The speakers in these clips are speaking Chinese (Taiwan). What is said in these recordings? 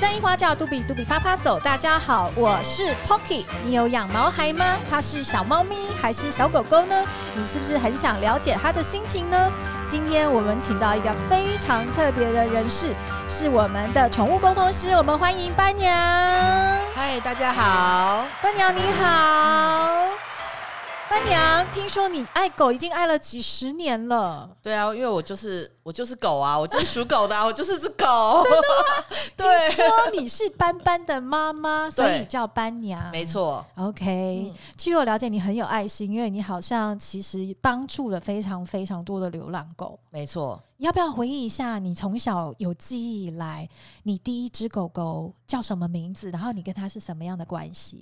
三一花叫度比度比趴趴走。大家好，我是 Poki。你有養毛孩嗎？它是小貓咪還是小狗狗呢？你是不是很想了解它的心情呢？今天我們請到一個非常特別的人士，是我們的寵物溝通師，我們歡迎斑娘。嗨，大家好，斑娘，你好。斑娘，聽說你愛狗已經愛了幾十年了。對啊，因為我就是我就是狗啊，我就是屬狗的啊， 我就是隻狗。真的嗎？對。聽說你是斑斑的媽媽，所以叫斑娘。沒錯。OK，嗯，據我了解，你很有愛心，因為你好像其實幫助了非常非常多的流浪狗。沒錯。要不要回憶一下你從小有記憶以來，你第一隻狗狗叫什麼名字？然後你跟它是什麼樣的關係？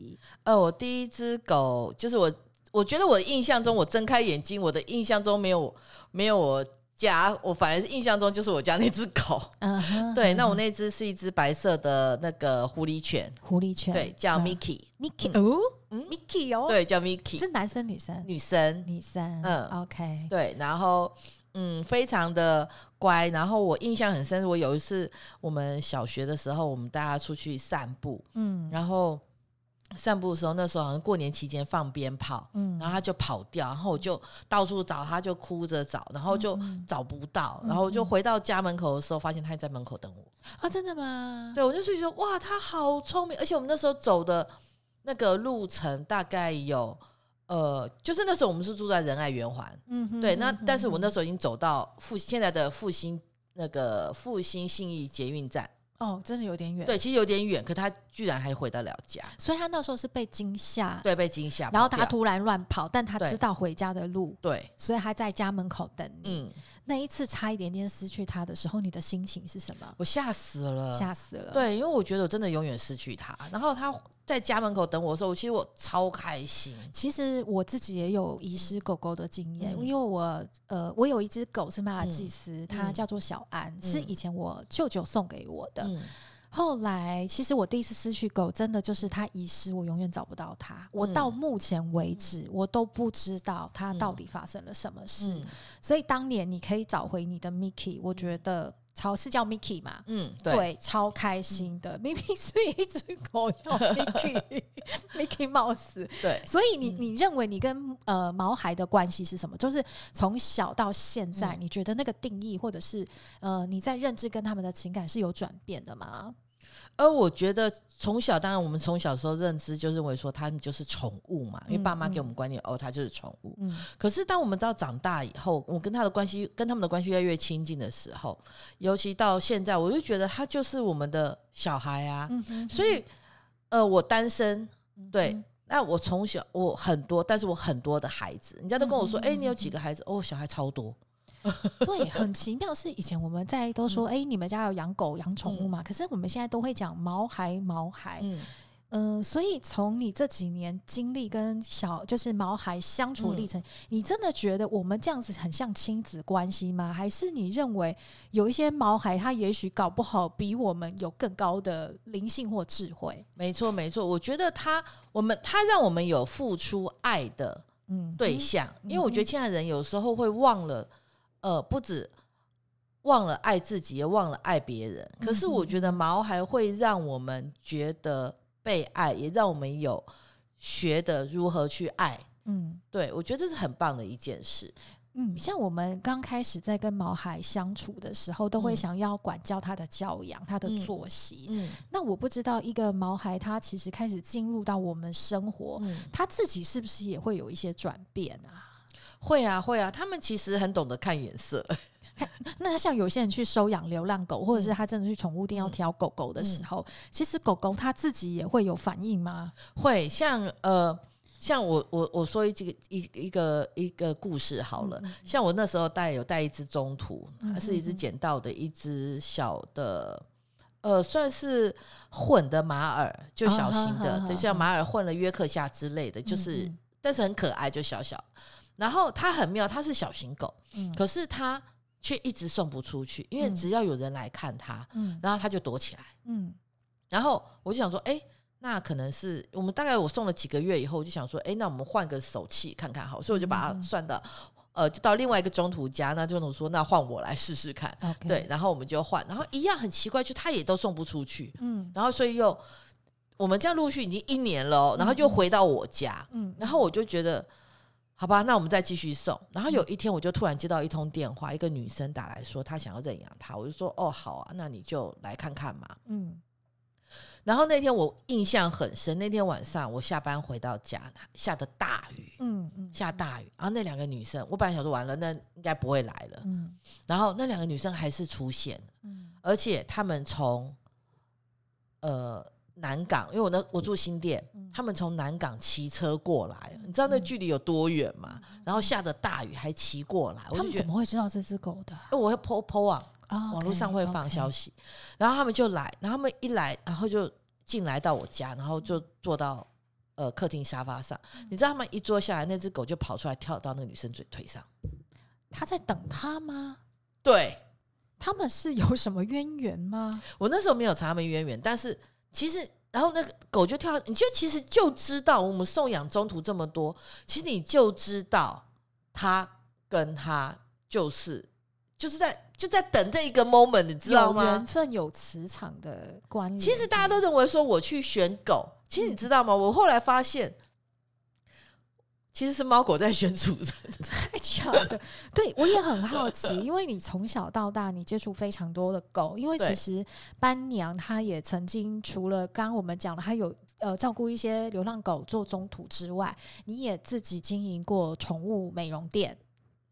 呃，我第一隻狗就是我。我覺得我的印象中，我睜開眼睛，我的印象中沒有沒有我家，我反而是印象中就是我家那隻狗。嗯、uh -huh,，對，uh -huh. 那我那隻是一隻白色的那個狐狸犬，狐狸犬，對，叫 Mickey，Mickey、uh -huh. 嗯、哦、uh -huh. 嗯、，Mickey 哦，對，叫 Mickey，是男生女生女生女生，嗯，OK，對，然後嗯，非常的乖，然後我印象很深，我有一次我們小學的時候，我們大家出去散步，嗯、uh -huh.，然後。散步的時候，那時候好像過年期間放鞭炮、嗯，然後他就跑掉，然後我就到處找他，就哭着找，然後就找不到嗯嗯，然後我就回到家門口的時候，嗯嗯發現他還在門口等我啊、哦！真的嗎？對，我就覺得說，哇，他好聰明，而且我們那時候走的那個路程大概有，呃，就是那時候我們是住在仁愛圓環，嗯，對，那、嗯、但是我那時候已經走到復現在的復興那個復興信義捷運站。哦，真的有點遠。對，其實有點遠，可他居然還回到了家，所以他那時候是被驚嚇，對，被驚嚇，然後他突然亂跑，跑，但他知道回家的路，對，所以他在家門口等你。那一次差一點點失去他的時候，你的心情是什麼？我嚇死了，嚇死了。對，因為我覺得我真的永遠失去他。然後他在家門口等我的時候，其實我超開心。其實我自己也有遺失狗狗的經驗，嗯、因為我呃，我有一隻狗是馬爾濟斯，它、嗯、叫做小安、嗯，是以前我舅舅送給我的。嗯嗯。後來，其實我第一次失去狗，真的就是它遺失，我永遠找不到它。我到目前為止，嗯，我都不知道它到底發生了什麼事，嗯。所以當年你可以找回你的 Mickey，我覺得。超是叫 Mickey 嘛？嗯對，對，超開心的，嗯、明明是一隻狗叫 Mickey，Mickey Mouse 對，所以你、嗯、你認為你跟呃毛孩的關係是什麼？就是從小到現在、嗯，你覺得那個定義或者是呃你在認知跟他們的情感是有轉變的嗎？而我覺得，從小當然我們從小的時候認知就認為說，它就是寵物嘛，因為爸媽給我們觀念，嗯嗯哦，他就是寵物。嗯、可是當我們知道長大以後，我跟他的關係，跟他們的關係越來越親近的時候，尤其到現在，我就覺得他就是我們的小孩啊。嗯、哼哼所以，呃，我單身，對，嗯、那我從小我很多，但是我很多的孩子，人家都跟我說，哎、嗯欸，你有幾個孩子？哦，小孩超多。 對，很奇妙。是以前我們在都說，哎、嗯，欸，你們家有養狗、養寵物嘛，嗯？可是我們現在都會講毛孩、毛孩。嗯，呃、所以從你這幾年經歷跟小就是毛孩相處歷程，嗯，你真的覺得我們這樣子很像親子關係嗎？還是你認為有一些毛孩他也許搞不好比我們有更高的靈性或智慧？沒錯，沒錯。我覺得他，我們他讓我們有付出愛的嗯對象，嗯嗯，因為我覺得現在人有時候會忘了。呃，不只忘了愛自己，也忘了愛別人。嗯嗯，可是我覺得毛孩會讓我們覺得被愛，也讓我們有學的如何去愛。嗯，對，我覺得這是很棒的一件事。嗯，像我們剛開始在跟毛孩相處的時候，都會想要管教他的教養、嗯、他的作息。嗯，那我不知道一個毛孩他其實開始進入到我們生活，嗯、他自己是不是也會有一些轉變啊？會啊，會啊，他們其實很懂得看眼色。那像有些人去收養流浪狗，或者是他真的去寵物店要挑狗狗的時候，嗯嗯、其實狗狗它自己也會有反應嗎？會，像呃，像我我我說一個一一個一個故事好了。嗯、像我那時候帶有帶一隻中途，它、嗯、是一隻撿到的一隻小的，呃，算是混的馬爾，就小型的，哦、呵呵呵，就像馬爾混了約克夏之類的，就是，嗯、但是很可愛，就小小。然後它很妙，它是小型狗，嗯，可是它卻一直送不出去，因為只要有人來看它，嗯、然後它就躲起來，嗯、然後我就想說，哎，那可能是我們大概我送了幾個月以後，我就想說，哎，那我們換個手氣看看好，所以我就把它算到，嗯，呃，就到另外一個中途家，那就說那換我來試試看，嗯，對，然後我們就換，然後一樣很奇怪，就它也都送不出去，嗯、然後所以又我們這樣陸續已經一年了，哦，然後又回到我家，嗯嗯、然後我就覺得。好吧，那我們再繼續送。然後有一天，我就突然接到一通電話，嗯、一個女生打來說她想要認養她。我就說哦好啊，那你就來看看嘛、嗯。然後那天我印象很深，那天晚上我下班回到家，下着大雨，嗯下大雨。然後那兩個女生，我本來想說完了，那應該不會來了。嗯、然後那兩個女生還是出現了，而且他們從，呃。南港，因為我那我住新店，他們從南港騎車過來、嗯，你知道那距離有多遠嗎、嗯？然後下着大雨還騎過來，他們怎麼會知道這只狗的、啊？因為我會 po po on,、oh, okay, 網，網絡上會放消息，okay. 然後他們就來，然後他們一來，然後就進來到我家，然後就坐到、嗯、呃客廳沙發上、嗯。你知道他們一坐下來，那只狗就跑出來跳到那個女生嘴腿上。他在等他嗎？對，他們是有什麼淵源嗎？我那時候沒有查他們淵源，但是。其實，然後那個狗就跳，你就其實就知道我們送養中途這麼多，其實你就知道他跟他就是就是在就在等這一個 moment，你知道嗎？緣分有磁場的關係。其實大家都認為說我去選狗，其實你知道嗎？嗯、我後來發現。其實是貓狗在選主人，太巧了。 對，我也很好奇，因為你從小到大你接觸非常多的狗，因為其實班娘她也曾經除了剛剛我們講的，她有呃照顧一些流浪狗做中途之外，你也自己經營過寵物美容店。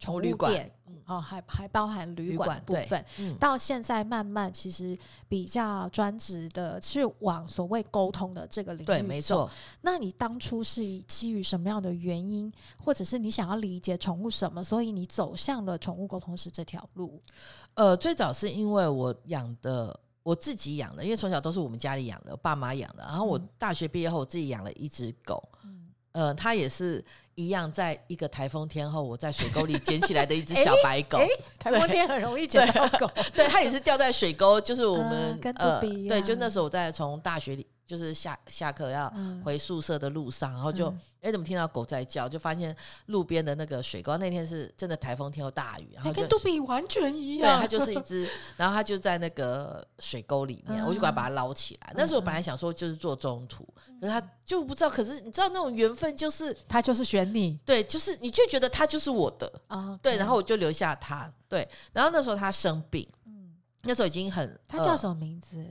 從旅館，哦，還還包含旅館部分館對。到現在慢慢，其實比較專職的、嗯、去往所謂溝通的這個領域沒錯，那你當初是基於什麼樣的原因，或者是你想要理解寵物什麼，所以你走向了寵物溝通師這條路？呃，最早是因為我養的，我自己養的，因為從小都是我們家裡養的，我爸媽養的。然後我大學畢業後我自己養了一只狗，嗯，呃，它也是。一樣，在一個颱風天後，我在水溝裡撿起來的一隻小白狗。台、 欸欸、風天很容易撿到狗對，對、啊，它 也是掉在水溝，就是我們呃，跟呃，對，就那時候我在從大學裡。就是下下課要回宿舍的路上，嗯、然後就哎、欸，怎麼聽到狗在叫？就發現路邊的那個水溝，那天是真的台風天又大雨，它跟杜比完全一樣。對，它就是一隻， 然後它就在那個水溝裡面，我就趕快把它把它撈起來、嗯。那時候我本來想說就是做中途，嗯、可是它就不知道。可是你知道那種緣分就是，它就是選你，對，就是你就覺得它就是我的啊、嗯。對，然後我就留下它。對，然後那時候它生病，嗯，那時候已經很，它叫什麼名字？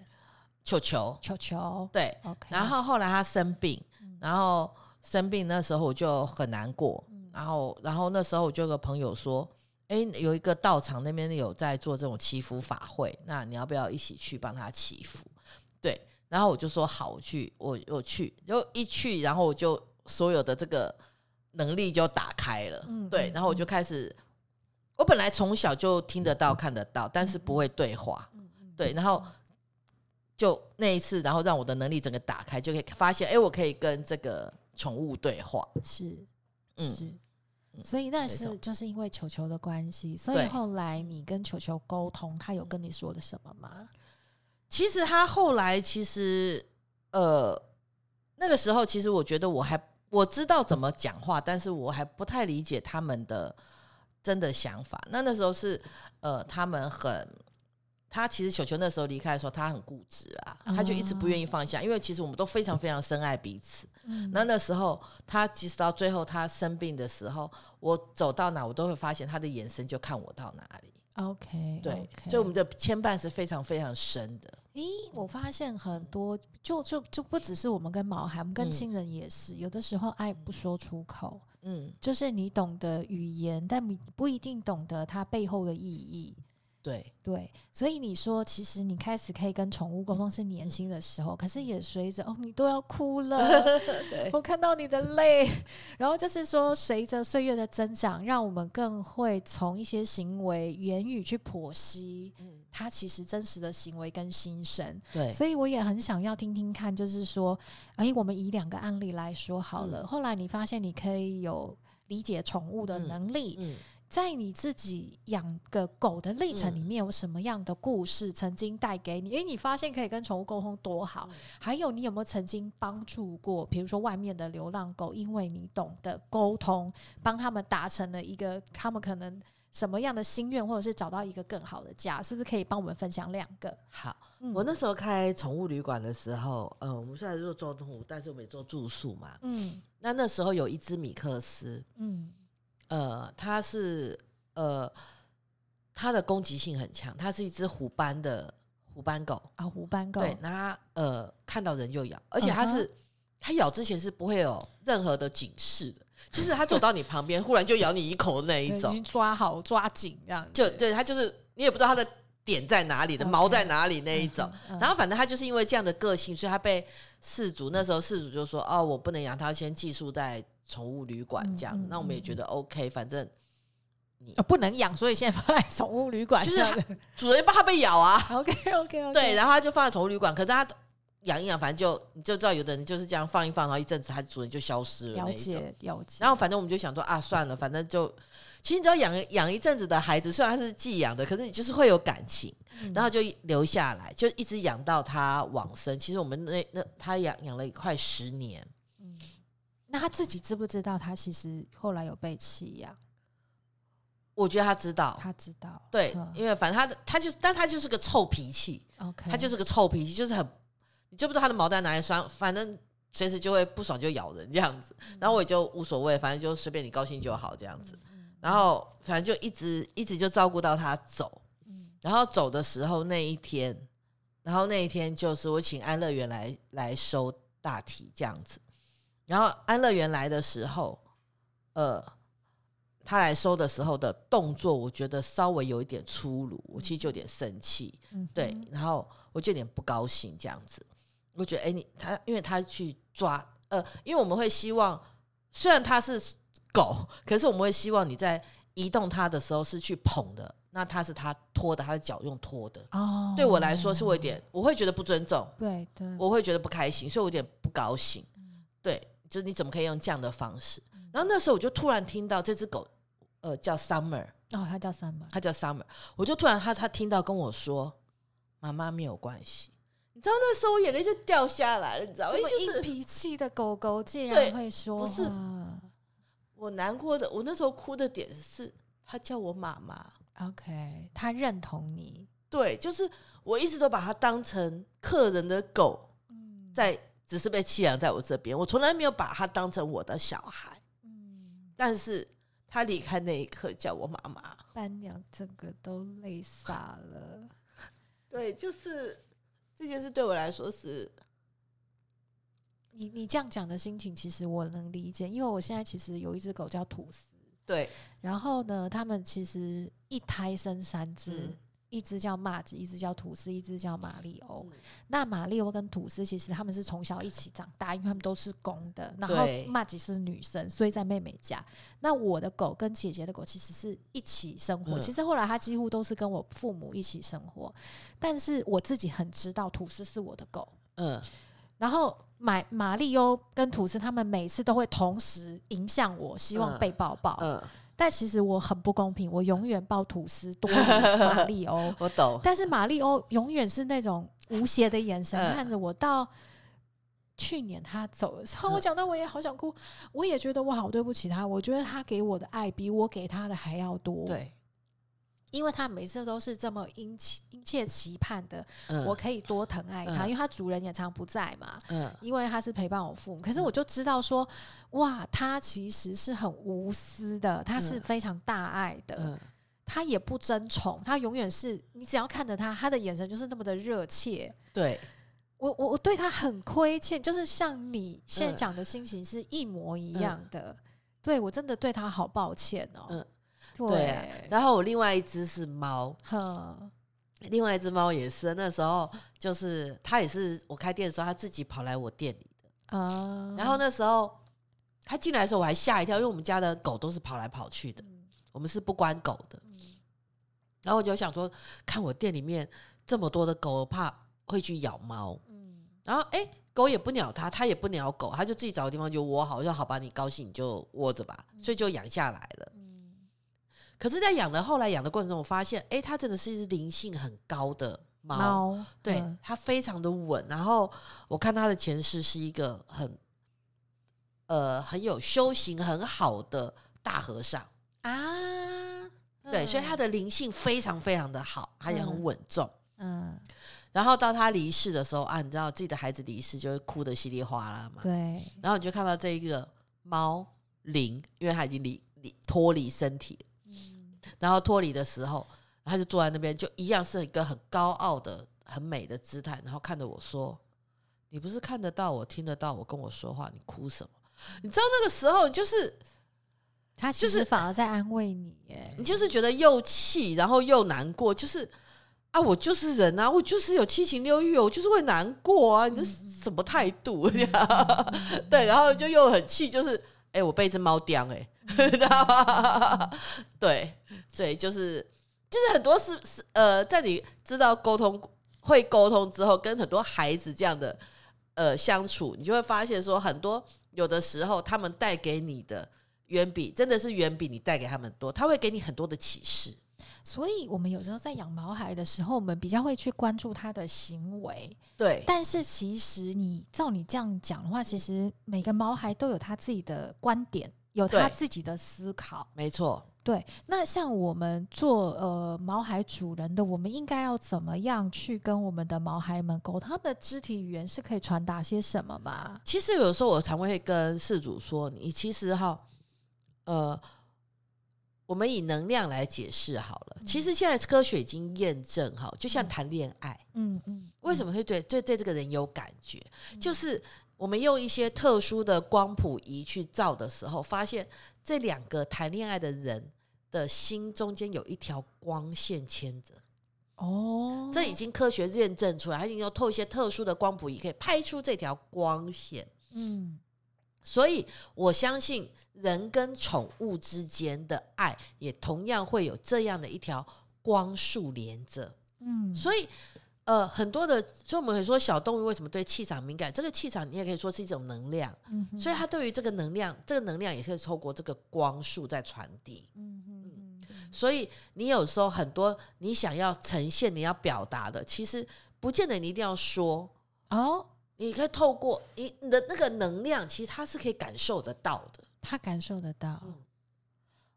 球球，球球，對、okay. 然後後來他生病，然後生病那時候我就很難過。嗯、然後，然後那時候我就有個朋友說：“哎，有一個道場那邊有在做這種祈福法會，那你要不要一起去幫他祈福？”對，然後我就說：“好，我去，我我去。”就一去，然後我就所有的這個能力就打開了。嗯，嗯，嗯，對，然後我就開始，我本來從小就聽得到、嗯、看得到，但是不會對話。嗯，嗯，對，然後。就那一次，然後讓我的能力整個打開，就可以發現，哎、欸，我可以跟這個寵物對話。是，嗯，是。所以那是就是因為球球的關係，所以後來你跟球球溝通，他有跟你說的什麼嗎？其實他後來，其實呃，那個時候，其實我覺得我還我知道怎麼講話、嗯，但是我還不太理解他們的真的想法。那那時候是呃，他們很。他其實小球那時候離開的時候，他很固執啊，他就一直不願意放下，因為其實我們都非常非常深愛彼此。嗯，那那時候他其實到最後他生病的時候，我走到哪我都會發現他的眼神就看我到哪裡。OK，對，okay，所以我們的牽絆是非常非常深的。咦，我發現很多就就就不只是我們跟毛孩，我們跟親人也是，嗯，有的時候愛不說出口，嗯，就是你懂得語言，但不一定懂得它背後的意義。對對，所以你說，其實你開始可以跟寵物溝通是年輕的時候，嗯嗯、可是也隨着哦，你都要哭了， 我看到你的淚。然後就是說，隨着歲月的增長，讓我們更會從一些行為、言語去剖析，它、嗯，他其實真實的行為跟心聲。對，所以我也很想要聽聽看，就是說，哎、欸，我們以兩個案例來說好了、嗯。後來你發現你可以有理解寵物的能力，嗯。嗯在你自己養個狗的歷程裡面，嗯、有什麼樣的故事曾經帶給你？誒、欸，你發現可以跟寵物溝通多好！嗯、還有，你有沒有曾經幫助過，比如說外面的流浪狗，因為你懂得溝通，幫他們達成了一個他們可能什麼樣的心願，或者是找到一個更好的家？是不是可以幫我們分享兩個？好、嗯，我那時候開寵物旅館的時候，呃，我們雖然做中途，但是我們也做住宿嘛。嗯，那那時候有一隻米克斯，嗯。呃，它是呃，它的攻擊性很強，它是一只虎斑的虎斑狗啊，虎斑狗對，他呃看到人就咬，而且它是、嗯、它咬之前是不會有任何的警示的，就是它走到你旁邊、嗯，忽然就咬你一口的那一種，嗯、已經抓好抓緊這樣，就對，它就是你也不知道它的點在哪裡、嗯、的毛在哪裡、嗯、那一種、嗯，然後反正它就是因為這樣的個性，所以它被飼主、嗯、那時候飼主就說哦，我不能養，它要先寄宿在。寵物旅館這樣、嗯，那我們也覺得 OK、嗯。反正你、哦、不能養，所以現在放在寵物旅館。就是他 主人怕它被咬啊。OK OK OK。對，然後他就放在寵物旅館。可是他養一養，反正就你就知道，有的人就是這樣放一放，然後一陣子，他主人就消失了那種。了解了解。然後反正我們就想說啊，算了，反正就其實你只要養養一陣子的孩子，雖然他是寄養的，可是你就是會有感情，嗯、然後就留下來，就一直養到他往生。其實我們那那他養養了快十年。那他自己知不知道他其實後來有被棄養？我覺得他知道，他知道。對，因為反正他的他就是，但他就是個臭脾氣，okay。他就是個臭脾氣，就是很，你知不知道他的毛蛋拿裡傷？反正隨時就會不爽就咬人這樣子。然後我也就無所謂，反正就隨便你高興就好這樣子。然後反正就一直一直就照顧到他走。然後走的時候那一天，然後那一天就是我請安樂園來來收大體這樣子。然後安樂園來的時候，呃，他來收的時候的動作，我覺得稍微有一點粗魯、嗯，我其實就有點生氣、嗯，對，然後我就有點不高興這樣子。我覺得，哎，你他，因為他去抓，呃，因為我們會希望，雖然他是狗，可是我們會希望你在移動他的時候是去捧的，那他是他拖的，他的腳用拖的。哦、對我來說是我有點，我會覺得不尊重，對的，我會覺得不開心，所以我有點不高興，對。就是你怎麼可以用這樣的方式？然後那時候我就突然聽到這隻狗，呃，叫 Summer 哦，它叫 Summer，它叫 Summer。我就突然它，它它聽到跟我說：“媽媽沒有關係。嗯”你知道那時候我眼淚就掉下來了，你知道嗎？這麼硬脾氣的狗狗竟然會說：“不是。”我難過的，我那時候哭的點是它叫我媽媽。OK，它認同你，對，就是我一直都把它當成客人的狗，嗯、在。只是被棄養在我這邊，我從來沒有把他當成我的小孩。嗯，但是他離開那一刻叫我媽媽，斑娘整個都累傻了。 對，就是這件事對我來說是，你你這樣講的心情，其實我能理解，因為我現在其實有一隻狗叫吐司。對，然後呢，他們其實一胎生三隻。嗯一隻叫麥子，一隻叫吐司，一隻叫馬里歐。嗯、那馬里歐跟吐司其實他們是從小一起長大，因為他們都是公的。然後麥子是女生，所以在妹妹家。那我的狗跟姐姐的狗其實是一起生活。嗯、其實後來他幾乎都是跟我父母一起生活，但是我自己很知道吐司是我的狗。嗯。然後馬馬里歐跟吐司，他們每次都會同時迎向我，希望被抱抱。嗯，嗯。但其實我很不公平，我永遠抱吐司多於瑪麗歐。 我懂，但是瑪麗歐永遠是那種無邪的眼神看着我，嗯、到去年他走了，我講到我也好想哭，我也覺得我好對不起他，我覺得他給我的愛比我給他的還要多。對。因為他每次都是這麼殷切殷切期盼的、嗯，我可以多疼愛他、嗯，因為他主人也常不在嘛、嗯。因為他是陪伴我父母，可是我就知道說、嗯，哇，他其實是很無私的，他是非常大愛的，嗯、他也不爭寵，他永遠是你只要看着他，他的眼神就是那麼的熱切。對。我，我我對他很虧欠，就是像你現在講的心情是一模一樣的。嗯、對，我真的對他好抱歉哦。嗯對、啊對啊，然後我另外一隻是貓，另外一隻貓也是那時候，就是它也是我開店的時候，它自己跑來我店裡的、哦、然後那時候它進來的時候，我還嚇一跳，因為我們家的狗都是跑來跑去的，嗯、我們是不關狗的、嗯。然後我就想說，看我店裡面這麼多的狗，怕會去咬貓。嗯，然後哎、欸，狗也不鳥它，它也不鳥狗，它就自己找個地方就窩好，我說好吧，你高興你就窩着吧，所以就養下來了。嗯可是，在養的後來養的過程中，我發現，哎，它真的是一隻靈性很高的貓，貓對、嗯、它非常的穩。然後我看它的前世是一個很，呃，很有修行很好的大和尚啊、嗯，對，所以它的靈性非常非常的好，它也很穩重。嗯，嗯，然後到它離世的時候啊，你知道自己的孩子離世就會哭得稀里嘩啦嘛，對，然後你就看到這一個貓靈，因為它已經離離脫離身體了。然後脫離的時候，他就坐在那邊，就一樣是一個很高傲的、很美的姿態，然後看着我說：“你不是看得到我，聽得到我，跟我說話，你哭什麼？嗯、你知道那個時候，就是他就是反而在安慰你，哎、就是，你就是覺得又氣，然後又難過，就是啊，我就是人啊，我就是有七情六欲、哦，我就是會難過啊，你這是什麼態度、嗯、 對，然後就又很氣，就是哎、欸，我被一隻貓叼哎。”知道嗎？對 對，所以就是就是很多事是呃，在你知道溝通會溝通之後，跟很多孩子這樣的呃相處，你就會發現說，很多有的時候他們帶給你的遠比真的是遠比你帶給他們多，他會給你很多的啟示。所以我們有時候在養毛孩的時候，我們比較會去關注他的行為，對。但是其實你照你這樣講的話，其實每個毛孩都有他自己的觀點。有他自己的思考，沒錯。對，那像我們做呃毛孩主人的，我們應該要怎麼樣去跟我們的毛孩們溝通？他們的肢體語言是可以傳達些什麼嗎？其實有時候我常會跟飼主說，你其實哈，呃，我們以能量來解釋好了。嗯、其實現在科學已經驗證哈，就像談戀愛，嗯嗯，嗯，為什麼會對對對這個人有感覺，嗯、就是。我們用一些特殊的光譜儀去照的時候，發現這兩個談戀愛的人的心中間有一條光線牽着。哦，這已經科學驗證出來，而且用透一些特殊的光譜儀可以拍出這條光線。嗯，所以我相信人跟寵物之間的愛也同樣會有這樣的一條光束連着。嗯，所以。呃，很多的，所以我們可以說小動物為什麼對氣場敏感？這個氣場你也可以說是一種能量，嗯、所以它對於這個能量，這個能量也是透過這個光束在傳遞。嗯，嗯，所以你有時候很多你想要呈現、你要表達的，其實不見得你一定要說哦，你可以透過你你的那個能量，其實它是可以感受得到的，它感受得到。嗯、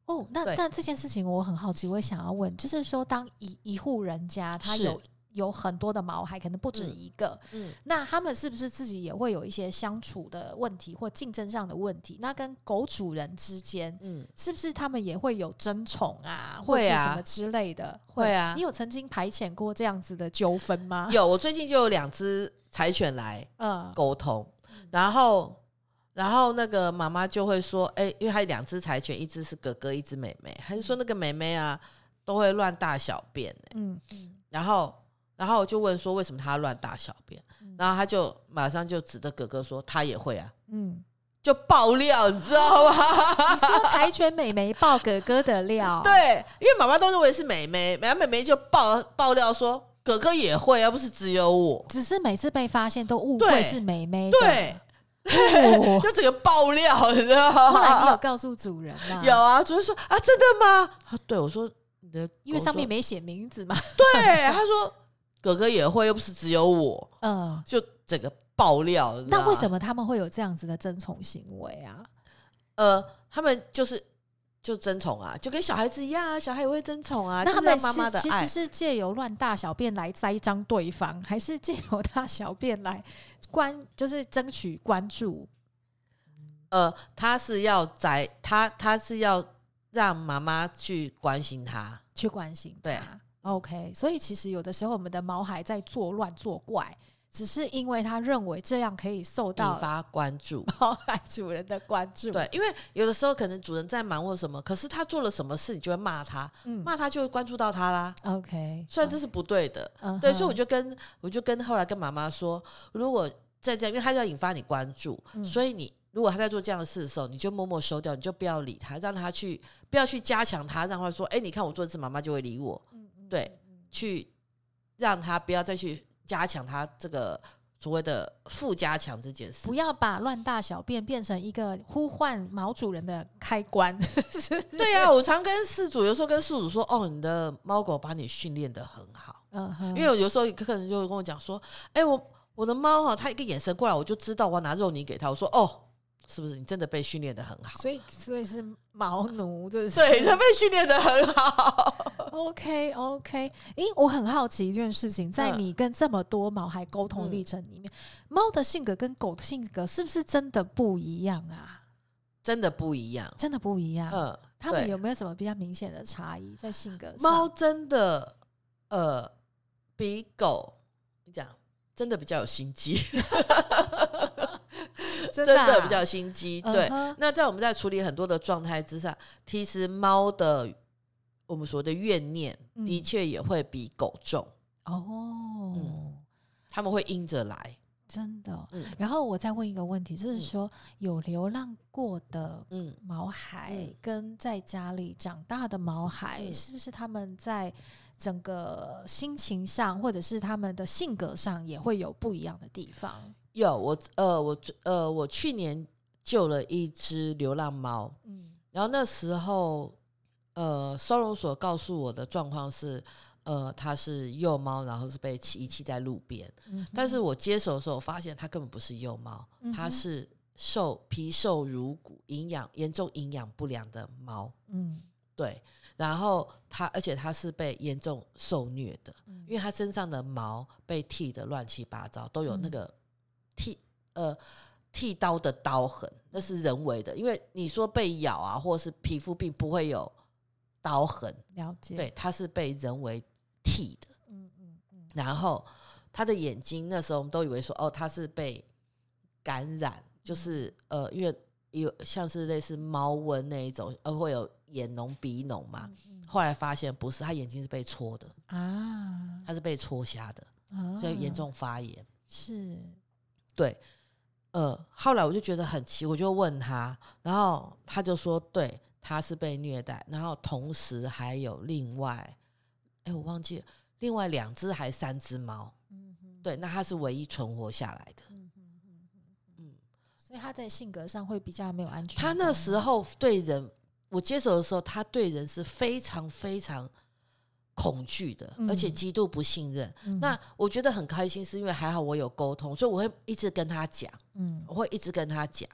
哦，那那這件事情我很好奇，我也想要問，就是說，當一一戶人家他有。有很多的毛孩，可能不止一個，嗯。嗯，那他們是不是自己也會有一些相處的問題或競爭上的問題？那跟狗主人之間，嗯，是不是他們也會有爭寵啊，嗯、或者什麼之類的？嗯、會啊，你有曾經排遣過這樣子的糾紛嗎、嗯？有，我最近就有兩隻柴犬來，嗯，溝通，然後，然後那個媽媽就會說，誒、欸，因為還有兩隻柴犬，一隻是哥哥，一隻妹妹，還是說那個妹妹啊，都會亂大小便、欸？嗯嗯，然後。然後我就問說，為什麼他亂大小便、嗯？然後他就馬上就指着哥哥說，他也會啊。嗯，就爆料，你知道嗎？你說柴犬美美爆哥哥的料。 對，因為媽媽都認為是美美，美美美美就爆爆料說哥哥也會、啊，而不是只有我。只是每次被發現都誤會是美美。對，對哦、就這個爆料，你知道嗎？後來你有告訴主人嗎、啊？有啊，主人說啊，真的嗎？啊，對我說你的說，因為上面沒寫名字嘛。對，他說。 哥哥也會，又不是只有我，嗯、呃，就整個爆料。那為什麼他們會有這樣子的爭寵行為啊？呃，他們就是就爭寵啊，就跟小孩子一樣啊，小孩也會爭寵啊。那他們媽媽其實是借由亂大小便來栽贓對方，還是借由大小便來關，就是爭取關注？嗯、呃，他是要栽他，他是要讓媽媽去關心他，去關心。對。OK，所以其實有的時候我們的毛孩在作亂作怪，只是因為他認為這樣可以受到引發關注，毛孩主人的關注。對，因為有的時候可能主人在忙或什麼，可是他做了什麼事，你就會罵他，罵、嗯、他就會關注到他啦。OK，雖然這是不對的，Okay. 對，所以我就跟我就跟後來跟媽媽說，Uh-huh. 如果再這樣，因為他就要引發你關注、嗯，所以你如果他在做這樣的事的時候，你就默默收掉，你就不要理他，讓他去不要去加強他，讓他說，哎、欸，你看我做一次，媽媽就會理我。嗯對，去讓他不要再去加強他這個所謂的負加強這件事。不要把亂大小便變成一個呼喚毛主人的開關。是是對呀，啊，我常跟事主，有時候跟事主說：“哦，你的貓狗把你訓練得很好。”嗯哼。因為我有時候客人就會跟我講說：“哎，我我的貓哈，它一個眼神過來，我就知道我要拿肉泥給它。”我說：“哦，是不是你真的被訓練得很好？”所以，所以是毛奴對不，就是、對，他被訓練得很好。OK，OK okay, okay。因為，我很好奇一件事情，嗯、在你跟這麼多毛孩溝通歷程裡面、嗯，貓的性格跟狗的性格是不是真的不一樣啊？真的不一樣，真的不一樣。嗯，他們有沒有什麼比較明顯的差異在性格上？貓真的，呃，比狗，你講真的, 真的比較有心機，真的比較心機。對、嗯，那在我們在處理很多的狀態之上，其實貓的。我們說的怨念的確也會比狗重哦。嗯嗯，他們會陰著來，真的、嗯。然後我再問一個問題，就是說、嗯、有流浪過的嗯毛孩嗯跟在家裡長大的毛孩、嗯，是不是他們在整個心情上、嗯、或者是他們的性格上也會有不一樣的地方？有，我呃我呃我去年救了一只流浪貓、嗯，然後那時候。呃，收容所告訴我的狀況是，呃，它是幼貓，然後是被遺棄在路邊。嗯、但是我接手的時候發現它根本不是幼貓，嗯、它是瘦皮瘦如骨、營養嚴重營養不良的貓。嗯，對。然後它，而且它是被嚴重受虐的，嗯、因為它身上的毛被剃得亂七八糟，都有那個剃、嗯、呃剃刀的刀痕，那是人為的。因為你說被咬啊，或者是皮膚病不會有。刀痕，了解，對，他是被人為剃的，嗯嗯嗯。然後他的眼睛那時候我們都以為說哦，他是被感染，嗯、就是呃因為有像是類似貓瘟那一種，呃會有眼膿鼻膿嘛、嗯嗯。後來發現不是，他眼睛是被戳的啊，他是被戳瞎的、啊，所以嚴重發炎。是，對，呃，後來我就覺得很奇，我就問他，然後他就說對。他是被虐待，然後同時還有另外，哎，我忘記了，另外兩隻還三隻貓，嗯、哼對，那他是唯一存活下來的，嗯嗯嗯，所以他在性格上會比較沒有安全感。他那時候對人，我接手的時候，他對人是非常非常恐懼的，嗯、而且極度不信任。嗯、那我覺得很開心，是因為還好我有溝通，所以我會一直跟他講，嗯，我會一直跟他講，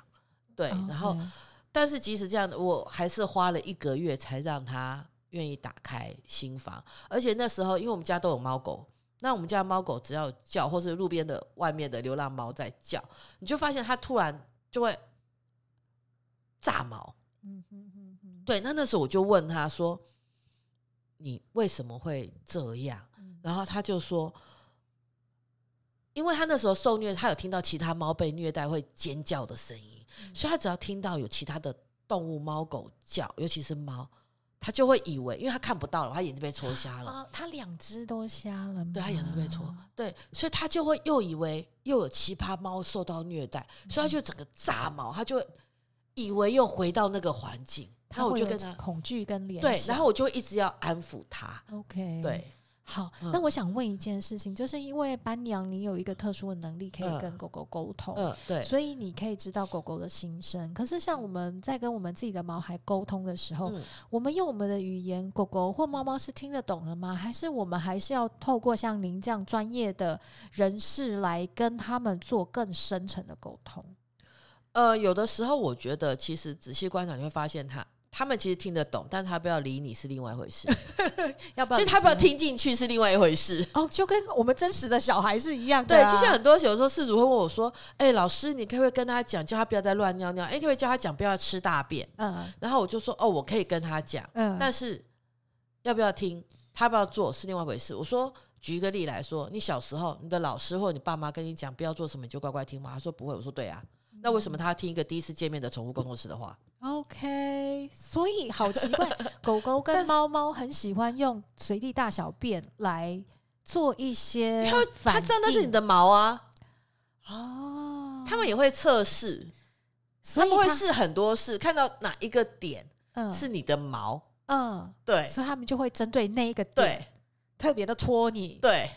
對，哦、然後。嗯但是即使這樣，我還是花了一個月才讓他願意打開心房。而且那時候，因為我們家都有貓狗，那我們家貓狗只要叫，或是路邊的外面的流浪貓在叫，你就發現它突然就會炸毛。嗯哼哼哼。對，那那時候我就問他說：“你為什麼會這樣？嗯”然後他就說：“因為他那時候受虐，他有聽到其他貓被虐待會尖叫的聲音。”嗯、所以，他只要聽到有其他的動物貓狗叫，尤其是貓，他就會以為，因為他看不到了，他眼睛被戳瞎了。啊、他兩隻都瞎了嗎？對，他眼睛被戳。對，所以他就會又以為又有奇葩貓受到虐待、嗯，所以他就整個炸毛，他就會以為又回到那個環境，他會然後我就跟他恐懼跟臉，對，然後我就一直要安撫他。OK，對。好，那我想問一件事情、嗯，就是因為斑娘你有一個特殊的能力，可以跟狗狗溝通、嗯嗯，對，所以你可以知道狗狗的心聲。可是像我們在跟我們自己的毛孩溝通的時候、嗯，我們用我們的語言，狗狗或貓貓是聽得懂了嗎？還是我們還是要透過像您這樣專業的人士來跟他們做更深層的溝通？呃，有的時候我覺得，其實仔細觀察你會發現它。他們其實聽得懂，但他不要理你是另外一回事， 要不要？就他不要聽進去是另外一回事。哦，就跟我們真實的小孩是一樣的、啊。對，就像很多時候事主會問我說：“哎、欸，老師，你可不可以跟他講，叫他不要再亂尿尿？誒、欸，可不可以叫他講不要吃大便？”嗯，然後我就說：“哦，我可以跟他講，嗯，但是要不要聽？他不要做是另外一回事。”我說：“舉一個例來說，你小時候你的老師或者你爸媽跟你講不要做什麼，你就乖乖聽嗎？”他說：“不會。”我說：“對啊、嗯，那為什麼他要聽一個第一次見面的寵物工作室的話？” OK，所以好奇怪， 狗狗跟貓貓很喜歡用隨地大小便來做一些，它知道那是你的毛啊，哦，他們也會測試，他們會試很多事，看到哪一個點，嗯，是你的毛，嗯，嗯，對，所以他們就會針對那一個點特別的戳你，對，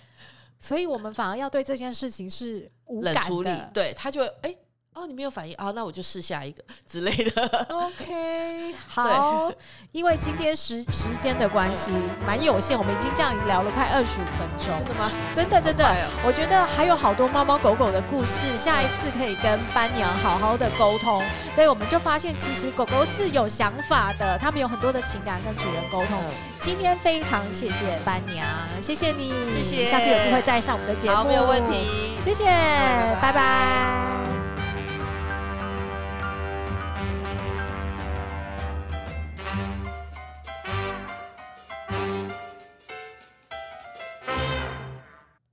所以我們反而要對這件事情是無感的，冷處理，對，他就會哎。欸哦，你沒有反應啊、哦？那我就試下一個之類的。OK，好，因為今天時時間的關係，蠻、嗯、有限，我們已經這樣聊了快二十五分鐘。真的嗎？真的真的、哦。我覺得還有好多貓貓狗狗的故事，下一次可以跟班娘好好的溝通。所以我們就發現，其實狗狗是有想法的，它們有很多的情感跟主人溝通。今天非常謝謝班娘，謝謝你，謝謝，下次有機會再上我們的節目。好，沒有問題。謝謝，拜拜。拜拜。